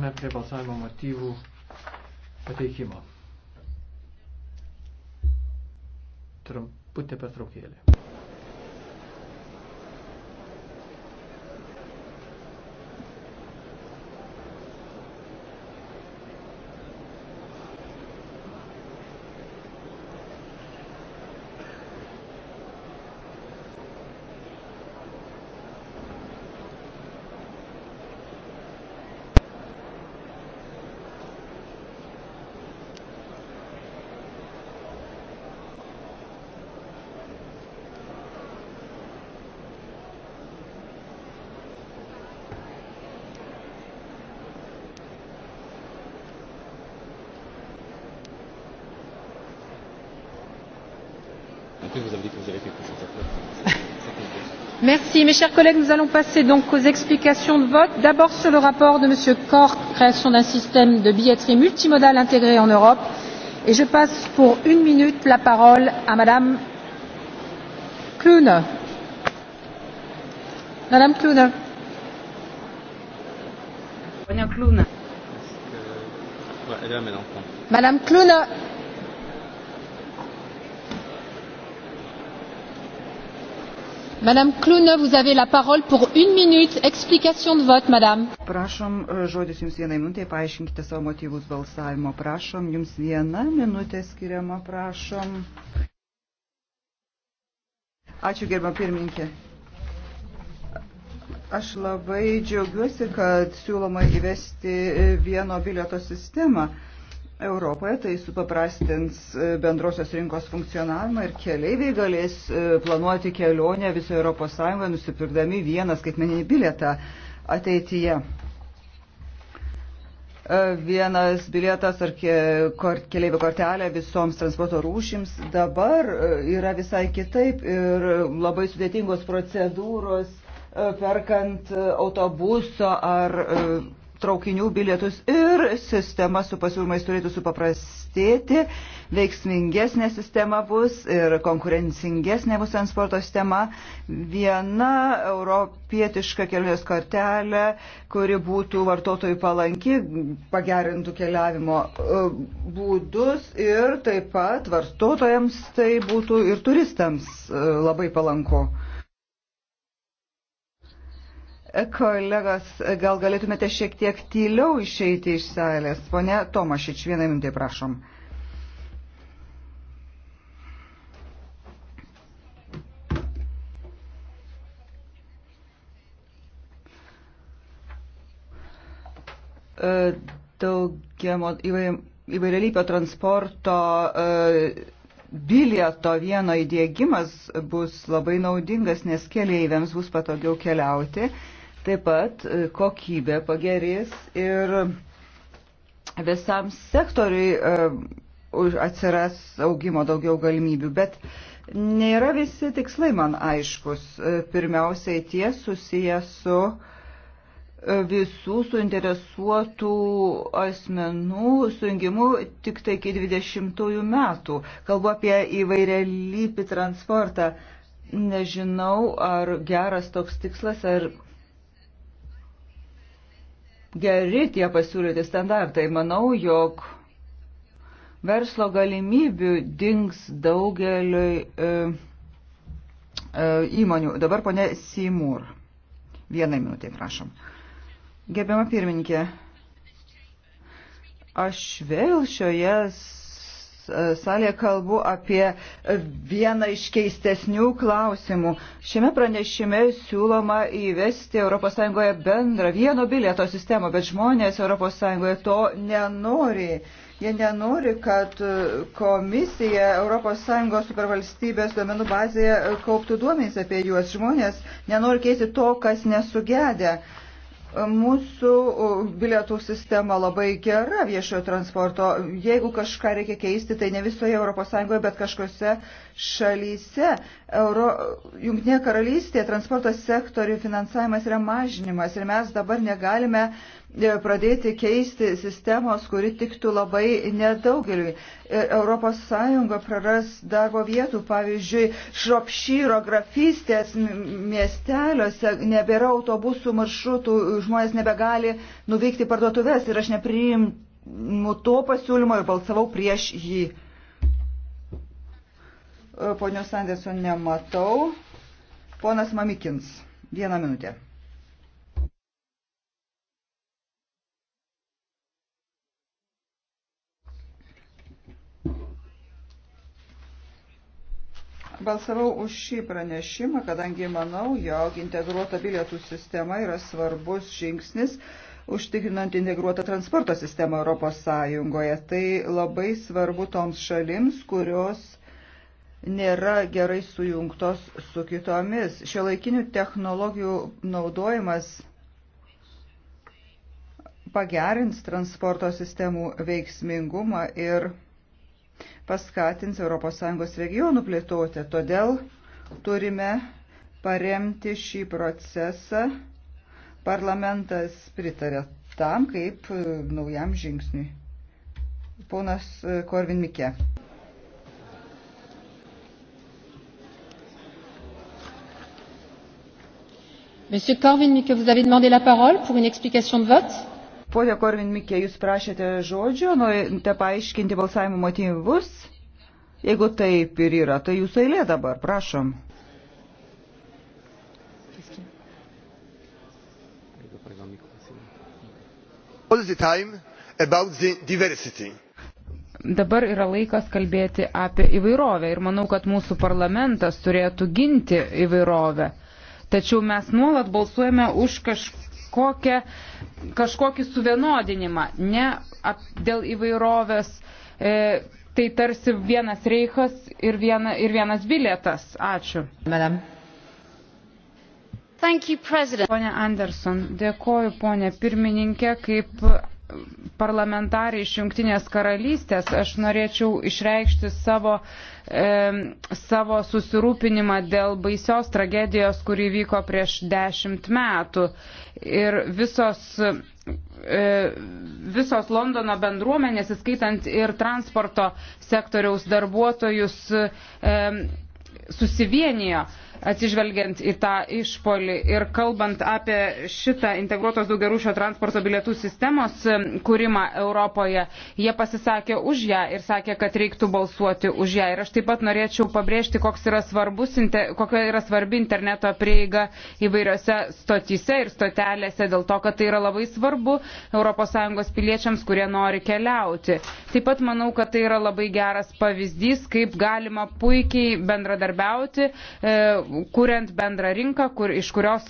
Periname prie balsavimo motyvų pateikimo. Trumputė pertraukėlė. Merci. Mes chers collègues, nous allons passer donc aux explications de vote. D'abord sur le rapport de M. Cork, création d'un système de billetterie multimodale intégré en Europe. Et je passe pour une minute la parole à Madame Clune. Madame Clune. Madame Clune. Madame Klune, vous avez la parole pour une minute. Explication de vote, madame. Prašom, e, žodis jums vienai minutė, paaiškinkite savo motyvus balsavimo. Prašom, jums viena minutė skiriama, prašom. Ačiū, gerba pirmininkė. Aš labai džiaugiuosi, kad siūloma įvesti vieno bilieto sistemą. Europoje, tai supaprastins e, bendrosios rinkos funkcionavimą ir keleiviai galės e, planuoti kelionę visoje Europos Sąjungoje, nusipirkdami vieną skaitmeninį bilietą ateityje. E, vienas bilietas ar keliaivių kortelė visoms transporto rūšims dabar yra visai kitaip ir labai sudėtingos procedūros perkant autobuso ar traukinių bilietus ir sistema su pasiūlymais turėtų supaprastėti, veiksmingesnė sistema bus ir konkurencingesnė bus transporto sistema. Viena europietiška kelionės kortelė, kuri būtų vartotojų palanki, pagerintų keliavimo e, būdus ir taip pat vartotojams tai būtų ir turistams e, labai palanku. Kolegos, gal galėtumėte šiek tiek tyliau išeiti iš salės. Pone Tomašič, vieną minutę prašom. Daugiamo įvairialypio transporto e, bilieto vieno įdėgymas bus labai naudingas, nes keleiviams bus patogiau keliauti. Taip pat e, kokybė pagerės ir visam sektoriui e, atsiras augimo daugiau galimybių, bet nėra visi tikslai man aiškus. E, pirmiausiai tie susiję su visų suinteresuotų asmenų sujungimu tik tai iki 20 metų. Kalbu apie įvairialypį transportą. Nežinau, ar geras toks tikslas, ar geri tie pasiūlyti standartai. Manau, jog verslo galimybių dings daugeliui e, e, įmonių. Dabar ponė Simur. Vienai minutė, prašom. Gerbiama pirmininkė, aš vėl šioje E, salėje kalbu apie vieną iš keistesnių klausimų. Šiame pranešime siūloma įvesti ES bendrą vieno bilieto sistemą, bet žmonės ES to nenori. Jie nenori, kad komisija ES supervalstybės duomenų bazėje kauptų duomenys apie juos. Žmonės nenori keisti to, kas nesugedę. Mūsų bilietų sistema labai gera viešojo transporto. Jeigu kažką reikia keisti, tai ne visoje ES, bet kažkose šalyse. Euro, Junktinėje karalystėje transporto sektorių finansavimas yra mažinimas ir mes dabar negalime uh, E, pradėti keisti sistemos, kuri tiktų labai nedaugeliui. E, Europos Sąjunga praras darbo vietų, pavyzdžiui, šropšyro grafystės miesteliuose nebėra autobusų maršrutų, žmonės nebegali nuvykti parduotuvės ir aš nepriimu to pasiūlymo ir balsavau prieš jį. E, ponios Anderson nematau. Ponas Mamikins, vieną minutę. Balsavau už šį pranešimą, kadangi manau, jog integruota bilietų sistema yra svarbus žingsnis užtikrinant integruotą transporto sistemą Europos Sąjungoje. Tai labai svarbu toms šalims, kurios nėra gerai sujungtos su kitomis. Šio laikinių technologijų naudojimas pagerins transporto sistemų veiksmingumą ir paskatins ES regionų plėtotę. Todėl turime paremti šį procesą. Parlamentas pritarė tam kaip e, naujam žingsniui. Ponas e, Korvin Mikė. Monsieur Corvin Mikke, vous avez demandé la parole pour une explication de vote Pone Korvin Mikė, jūs prašėte žodžio, norite paaiškinti balsavimo motyvus? Jeigu taip ir yra, tai jūsų eilė dabar, prašom. All the time about the diversity dabar yra laikas kalbėti apie įvairovę ir manau, kad mūsų parlamentas turėtų ginti įvairovę. Tačiau mes nuolat balsuojame už kažkokį kažkokią, kažkokį suvienodinimą, ne ap, dėl įvairovės. E, tai tarsi vienas reichas ir, viena, ir vienas bilietas. Ačiū. Madam. You, Pone Anderson, dėkoju, ponė pirmininkė, kaip parlamentarai iš Junktinės karalystės, aš norėčiau išreikšti savo, e, savo susirūpinimą dėl baisios tragedijos, kuri vyko prieš dešimt metų. Ir visos, e, visos Londono bendruomenės, įskaitant ir transporto sektoriaus darbuotojus, e, susivienijo. E, atsižvelgiant į tą išpolį ir kalbant apie šitą integruotos daugiarūšio transporto bilietų sistemos kūrimą Europoje, jie pasisakė už ją ir sakė, kad reiktų balsuoti už ją. Ir aš taip pat norėčiau pabrėžti, yra svarbus, kokia yra svarbi interneto prieiga įvairiose stotyse ir stotelėse, dėl to, kad tai yra labai svarbu ES piliečiams, kurie nori keliauti. Taip pat manau, kad tai yra labai geras pavyzdys, kaip galima puikiai bendradarbiauti. E, kuriant bendrą rinką, kur, iš kurios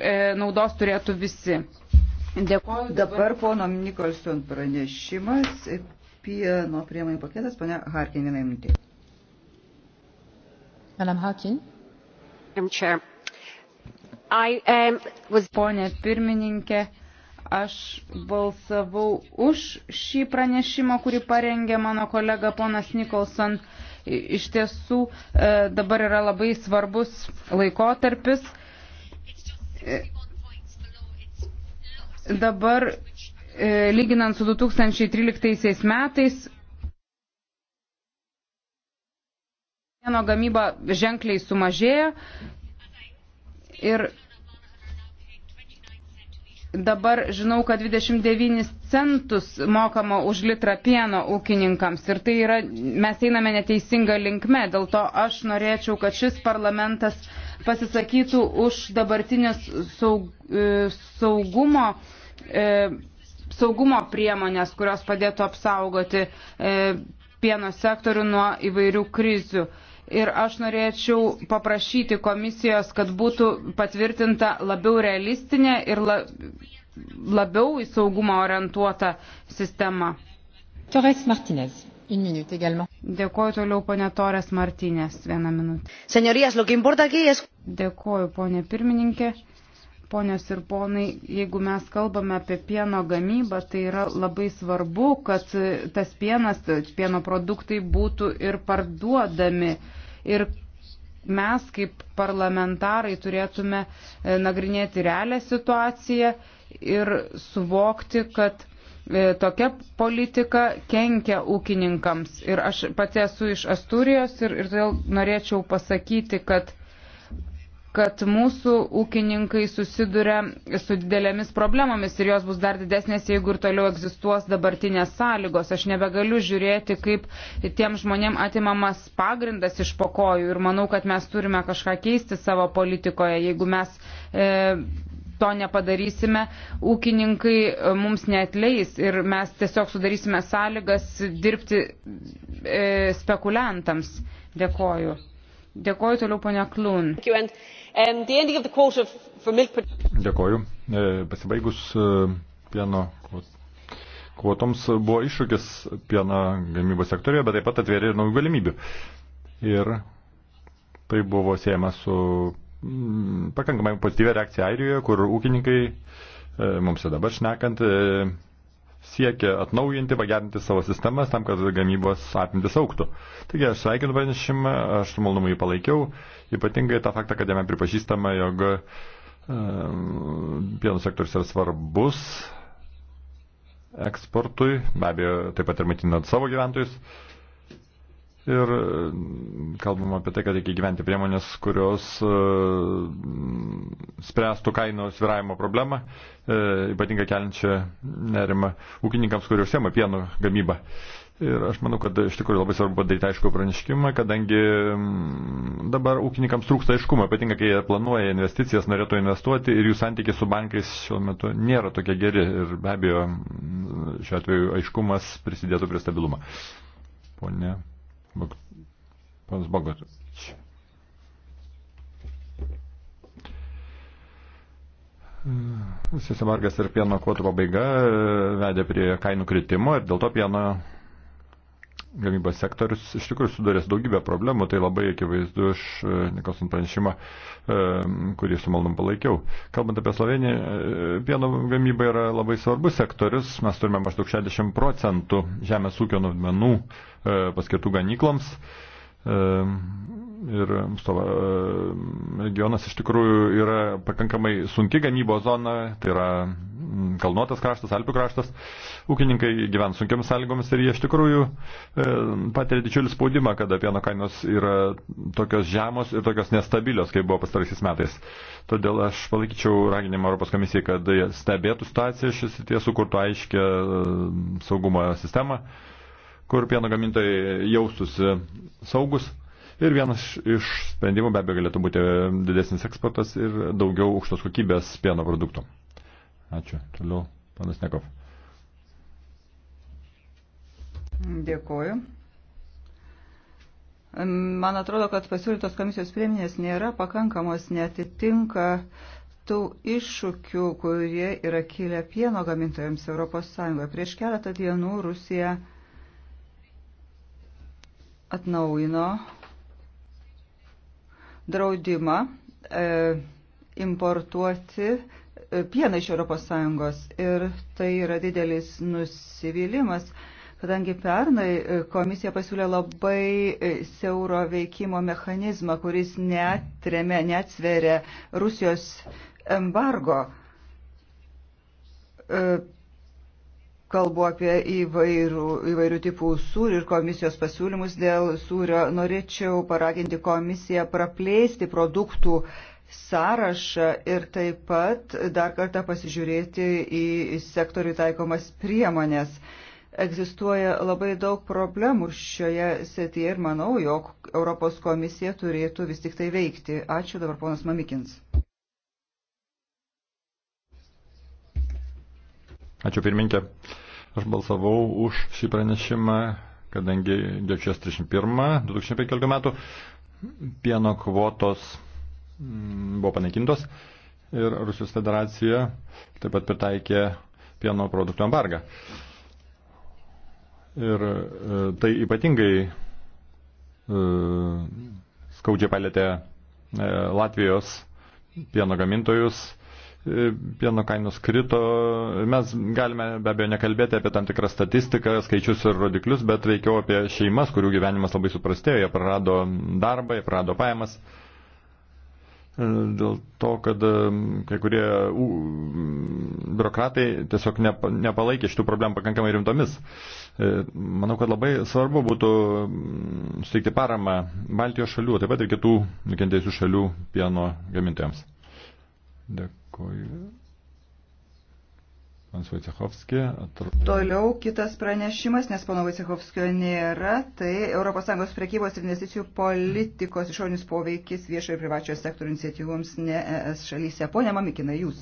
e, naudos turėtų visi. Dėkuoju. Dabar pono Nikolson pranešimas, pieno priemonių paketas, ponia Harkin, vienai minutė. Madam Harkin. Um, Pone pirmininkė, aš balsavau už šį pranešimą, kurį parengė mano kolega ponas Nikolson. Uh, Iš tiesų e, dabar yra labai svarbus laikotarpis. E, dabar, e, lyginant su 2013 metais, pieno gamyba ženkliai sumažėjo ir Dabar žinau, kad 29 centus mokama už litrą pieno ūkininkams ir tai yra, mes einame neteisinga linkme, dėl to aš norėčiau, kad šis parlamentas pasisakytų už dabartinės saug, e, saugumo, e, saugumo priemonės, kurios padėtų apsaugoti e, pieno sektorių nuo įvairių krizių ir aš norėčiau paprašyti komisijos, kad būtų patvirtinta labiau realistinė ir la, labiau į saugumą orientuota sistema. Torres Martinez. Dėkuoju toliau, ponė Torres Martinės, vieną minutę. Senorijas, lo que importa aquí es... Dėkuoju, ponė pirmininkė. Ponios ir ponai, jeigu mes kalbame apie pieno gamybą, tai yra labai svarbu, kad tas pienas, pieno produktai būtų ir parduodami ir mes kaip parlamentarai turėtume e, nagrinėti realią situaciją ir suvokti, kad e, tokia politika kenkia ūkininkams. Ir aš pati esu iš Asturijos ir, ir todėl norėčiau pasakyti, kad kad mūsų ūkininkai susiduria su didelėmis problemomis ir jos bus dar didesnės, jeigu ir toliau egzistuos dabartinės sąlygos. Aš nebegaliu žiūrėti, kaip tiem žmonėm atimamas pagrindas iš pokojų ir manau, kad mes turime kažką keisti savo politikoje, jeigu mes e, to nepadarysime, ūkininkai e, mums netleis ir mes tiesiog sudarysime sąlygas dirbti e, spekuliantams. Dėkoju. Dėkoju toliau, ponia Klun. Dėkoju. E, pasibaigus e, pieno kvotoms buvo iššūkis pieno gamybos sektorijoje, bet taip pat atvėrė ir naujų galimybių. Ir tai buvo siejama su mm, pakankamai pozityvia reakcija Airijoje, kur ūkininkai, e, mums jau dabar šnekant, siekia atnaujinti, pagerinti savo sistemas tam, kad gamybos apimtis auktų. Taigi aš sveikinu pranešimą, aš su malonumu jį palaikiau, ypatingai tą faktą, kad jame pripažįstama, jog pieno sektorius yra svarbus eksportui, be abejo, taip pat ir maitinant savo gyventojus ir mm, kalbam apie tai, kad reikia gyventi priemonės, kurios mm, spręstų kainų sviravimo problemą, e, ypatingai keliančią nerimą ūkininkams, kurie užsiema pieno gamybą. Ir aš manau, kad iš tikrųjų labai svarbu padaryti aišku praniškimą, kadangi mm, dabar ūkininkams trūksta aiškumo, ypatingai kai jie planuoja investicijas, norėtų investuoti ir jų santykiai su bankais šiuo metu nėra tokie geri ir be abejo šiuo atveju aiškumas prisidėtų prie stabilumo. Pone Panas Bogotič. Susimargas ir pieno kvotų pabaiga e, vedė prie kainų kritimo ir dėl to pieno gamybos sektorius iš tikrųjų sudarės daugybę problemų, tai labai akivaizdu iš e, Nikolson pranešimą, e, kurį su malonum palaikiau. Kalbant apie Sloveniją, e, pieno gamyba yra labai svarbus sektorius, mes turime maždaug 60 procentų žemės ūkio naudmenų paskirtų ganykloms ir savo regionas iš tikrųjų yra pakankamai sunki gamybo zona, tai yra kalnuotas kraštas, Alpių kraštas, ūkininkai gyvena sunkiamis sąlygomis ir jie iš tikrųjų patiria didžiulį spaudimą, kada pieno kainos yra tokios žemos ir tokios nestabilios, kaip buvo pastaraisiais metais. Todėl aš palaikyčiau raginimą Europos komisijai, kad stebėtų situaciją šis tie sukurtų aiškę saugumo sistemą kur pieno gamintojai jaustusi saugus. Ir vienas iš sprendimų be abejo galėtų būti didesnis eksportas ir daugiau aukštos kokybės pieno produktų. Ačiū. Toliau, panas Nekov. Dėkuoju. Man atrodo, kad pasiūlytos komisijos priemonės nėra pakankamos, netitinka tų iššūkių, kurie yra kilę pieno gamintojams ES. Prieš keletą dienų Rusija atnaujino draudimą e, importuoti e, pieną iš ES ir tai yra didelis nusivylimas kadangi pernai e, komisija pasiūlė labai e, siauro veikimo mechanizmą, kuris netremė, neatsveria Rusijos embargo kalbu apie įvairių, įvairių tipų sūrį ir komisijos pasiūlymus dėl sūrio. Norėčiau paraginti komisiją praplėsti produktų sąrašą ir taip pat dar kartą pasižiūrėti į sektorių taikomas priemonės. Egzistuoja labai daug problemų šioje setyje ir manau, jog Europos komisija turėtų vis tik tai veikti. Ačiū dabar ponas Mamikins. Ačiū pirminkė. Aš balsavau už šį pranešimą, kadangi gegužės 31 2015 metų pieno kvotos mm, buvo panaikintos ir Rusijos federacija taip pat pritaikė pieno produktų embargą. Ir e, tai ypatingai e, skaudžiai palėtė e, Latvijos pieno gamintojus, pieno kainos krito. Mes galime be abejo nekalbėti apie tam tikrą statistiką, skaičius ir rodiklius, bet veikiau apie šeimas, kurių gyvenimas labai suprastėjo, jie prarado darbą, jie prarado pajamas. Dėl to, kad um, kai kurie u, biurokratai tiesiog nepa, nepalaikė šitų problemų pakankamai rimtomis. E, manau, kad labai svarbu būtų um, suteikti paramą Baltijos šalių, taip pat ir kitų nukentėjusių šalių pieno gamintojams. Dėkui. Dėkoju. Pans Vaicehovskė. Atrodo. Toliau kitas pranešimas, nes pono Vaicehovskio nėra, tai ES prekybos ir investicijų politikos išorinis poveikis viešojo ir privačiojo sektorių iniciatyvoms ne ES šalyse. Pone Mamikina, jūs.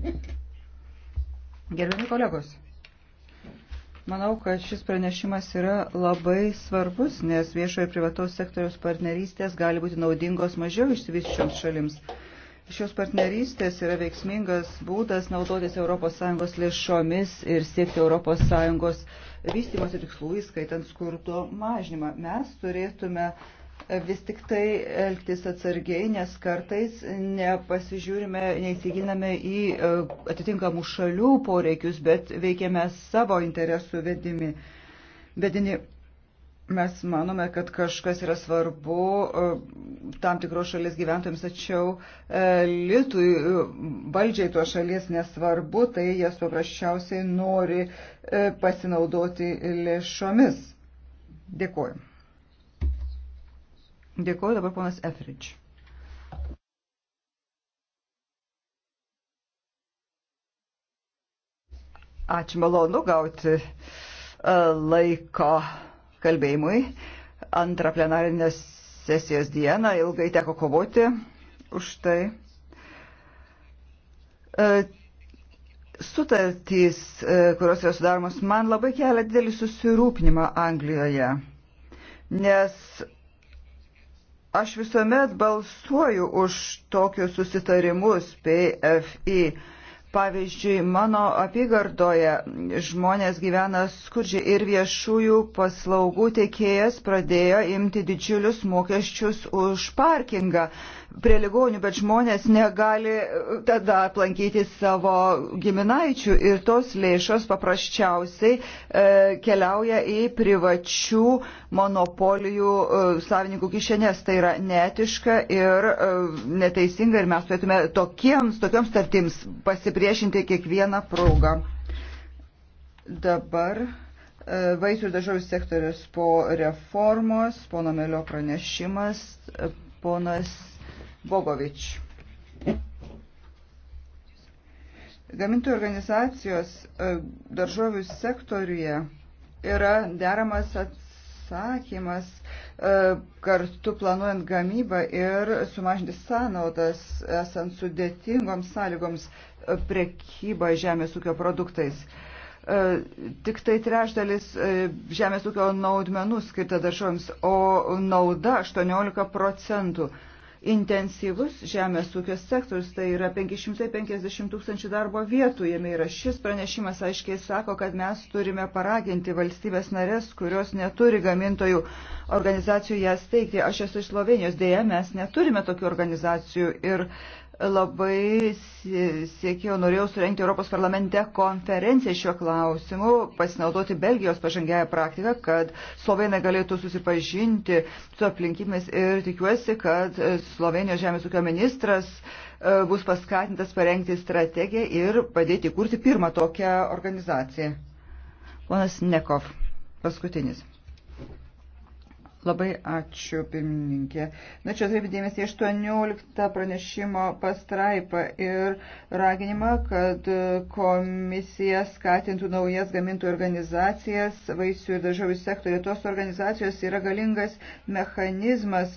Gerbiami kolegos. Manau, kad šis pranešimas yra labai svarbus, nes viešo ir privataus sektoriaus partnerystės gali būti naudingos mažiau išsivyščioms šalims. Šios partnerystės yra veiksmingas būdas naudotis ES lėšomis ir siekti ES vystimosi tikslų, įskaitant skurdo mažnymą. Mes turėtume vis tik tai elgtis atsargiai, nes kartais nepasižiūrime, neįsiginame į e, atitinkamų šalių poreikius, bet veikiame savo interesų vedimi. Vedini, mes manome, kad kažkas yra svarbu e, tam tikros šalies gyventojams, tačiau e, litui valdžiai to šalies nesvarbu, tai jas paprasčiausiai nori pasinaudoti lėšomis. Dėkuoju. Dėkuoju dabar ponas Efridž. Ačiū malonu gauti e, laiko kalbėjimui. Antrą plenarinę sesijos dieną ilgai teko kovoti už tai. E, sutartys, e, kurios yra sudaromos, man labai kelia didelį susirūpinimą Anglijoje, nes Aš visuomet balsuoju už tokius susitarimus PFI. Pavyzdžiui, mano apygardoje žmonės gyvena skurdžiai ir viešųjų paslaugų teikėjas pradėjo imti didžiulius mokesčius už parkingą prie ligonių, bet žmonės negali e, tada aplankyti savo giminaičių ir tos lėšos paprasčiausiai e, keliauja į privačių monopolijų e, savininkų kišenės. Tai yra netiška ir e, neteisinga ir mes turėtume tokiems, tokioms tartims pasipriešinti kiekvieną progą. Dabar e, vaisių ir daržovių sektorius po reformos, pono Melio pranešimas, e, ponas Bogovič. Gamintojų organizacijos e, daržovių sektoriuje yra deramas atsakymas e, kartu planuojant gamybą ir sumažinti sąnaudas esant sudėtingoms sąlygoms e, prekybą žemės ūkio produktais. Tik tai trešdalis žemės ūkio naudmenų skirta daržoms, o nauda 18 procentų intensyvus žemės ūkio sektorius, tai yra 550 tūkstančių darbo vietų jame yra. Šis pranešimas aiškiai sako, kad mes turime paraginti valstybės narės, kurios neturi gamintojų organizacijų jas teikti. Aš esu iš Slovenijos, dėja mes neturime tokių organizacijų ir labai siekiau, norėjau surenkti Europos parlamente konferenciją šiuo klausimu, pasinaudoti Belgijos pažangiają praktiką, kad Slovenai galėtų susipažinti su aplinkybėmis ir tikiuosi, kad Slovenijos žemės ūkio ministras e, bus paskatintas parengti strategiją ir padėti kurti pirmą tokią organizaciją. Ponas Nekov, paskutinis. Labai ačiū, pirmininkė. Na čia atkreipti dėmesį 18 pranešimo pastraipą ir raginimą, kad komisija skatintų naujas gamintų organizacijas, vaisių ir dažovių sektorių. Tos organizacijos yra galingas mechanizmas,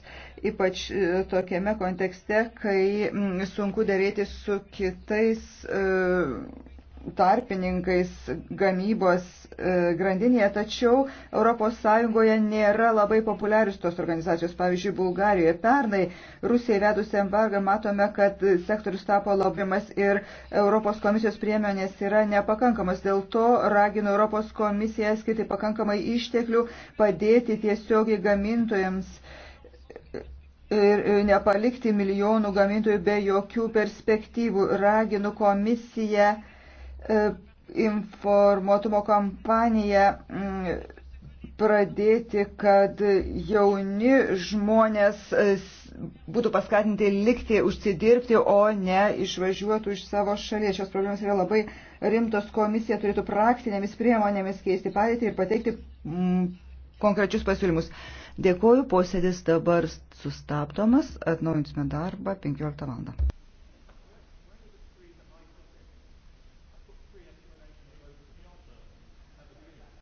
ypač e, tokiame kontekste, kai sunku dėrėti su kitais. Uh, tarpininkais gamybos e, grandinėje, tačiau ES nėra labai populiarius tos organizacijos. Pavyzdžiui, Bulgarijoje pernai Rusijai vedus embargą matome, kad sektorius tapo lobimas ir Europos komisijos priemonės yra nepakankamas. Dėl to raginu Europos komisiją skirti pakankamai išteklių, padėti tiesiogiai gamintojams ir nepalikti milijonų gamintojų be jokių perspektyvų. Raginu komisiją E, informuotumo kampaniją mm, pradėti, kad jauni žmonės e, būtų paskatinti likti, užsidirbti, o ne išvažiuotų iš savo šalies. Šios problemos yra labai rimtos. Komisija turėtų praktinėmis priemonėmis keisti padėtį ir pateikti mm, konkrečius pasiūlymus. Dėkoju, posėdis dabar sustabdomas, atnaujinsime darbą 15 val.